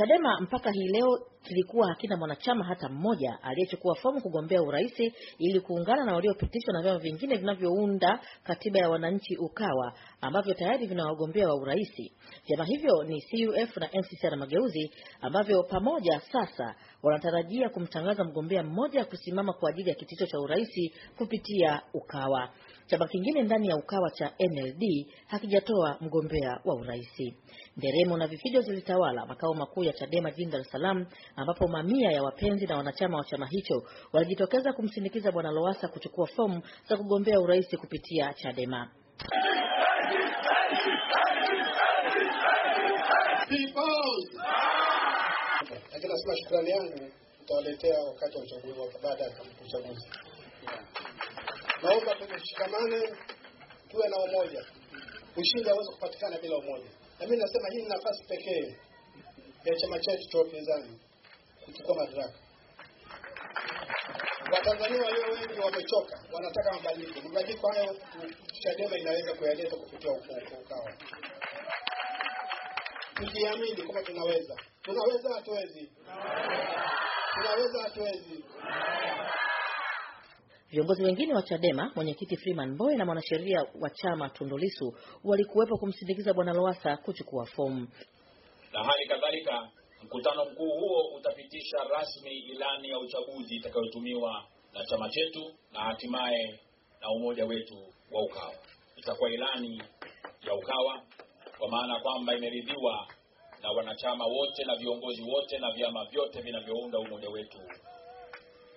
Chadema mpaka hii leo kilikuwa hakina mwanachama hata mmoja aliyechukua fomu kugombea urais ili kuungana na waliopitishwa na vyama vingine vinavyounda katiba ya wananchi Ukawa, ambavyo tayari vina wagombea wa urais. Vyama hivyo ni CUF na NCCR Mageuzi, ambavyo pamoja sasa wanatarajia kumtangaza mgombea mmoja kusimama kwa ajili ya kiti cha urais kupitia Ukawa. Chama kingine ndani ya Ukawa cha NLD hakijatoa mgombea wa urais. Nderemo na vifijo zilitawala makao makuu ya Chadema jijini Dar es Salaam, ambapo mamia ya wapenzi na wanachama wa chama hicho walijitokeza kumsindikiza Bwana Lowassa kuchukua fomu za kugombea urais kupitia Chadema. Lakini nasema shukrani yangu utawaletea wakati wa uchaguzi, baada ya uchaguzi. Naomba tushikamane, tuwe na umoja. Ushindi hauwezi kupatikana bila umoja, na mimi nasema hii ni nafasi pekee ya chama chetu cha upinzani kuchukua madaraka. Watanzania walio wengi wamechoka, wanataka mabadiliko. Mabadiliko hayo Chadema inaweza kuyaleta kupitia UKAWA. tujiamini kama tunaweza, tunaweza hatuwezi, tunaweza hatuwezi Viongozi wengine wa Chadema, mwenyekiti Freeman Mbowe na mwanasheria wa chama Tundu Lissu walikuwepo kumsindikiza bwana Lowassa kuchukua fomu, na hali kadhalika mkutano mkuu huo utapitisha rasmi ilani ya uchaguzi itakayotumiwa na chama chetu na hatimaye na umoja wetu wa Ukawa. Itakuwa ilani ya Ukawa kwa maana kwamba imeridhiwa na wanachama wote na viongozi wote na vyama vyote vinavyounda umoja wetu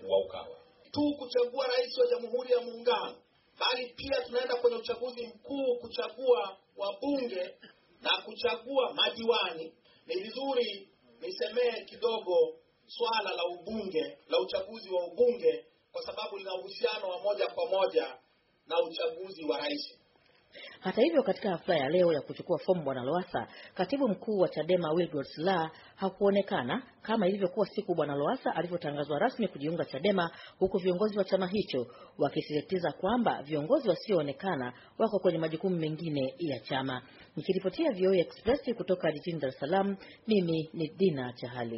wa Ukawa tu kuchagua rais wa Jamhuri ya Muungano, bali pia tunaenda kwenye uchaguzi mkuu kuchagua wabunge na kuchagua madiwani. Ni vizuri nisemee kidogo swala la ubunge, la uchaguzi wa ubunge, kwa sababu lina uhusiano wa moja kwa moja na uchaguzi wa rais. Hata hivyo, katika hafla ya leo ya kuchukua fomu, bwana loasa katibu mkuu wa Chadema Wilbrod Slaa hakuonekana kama ilivyokuwa siku bwana loasa alivyotangazwa rasmi kujiunga Chadema, huku viongozi wa chama hicho wakisisitiza kwamba viongozi wasioonekana wako kwenye majukumu mengine ya chama. Nikiripotia VOA e Express kutoka jijini Dar es Salaam, mimi ni Dina Chahali.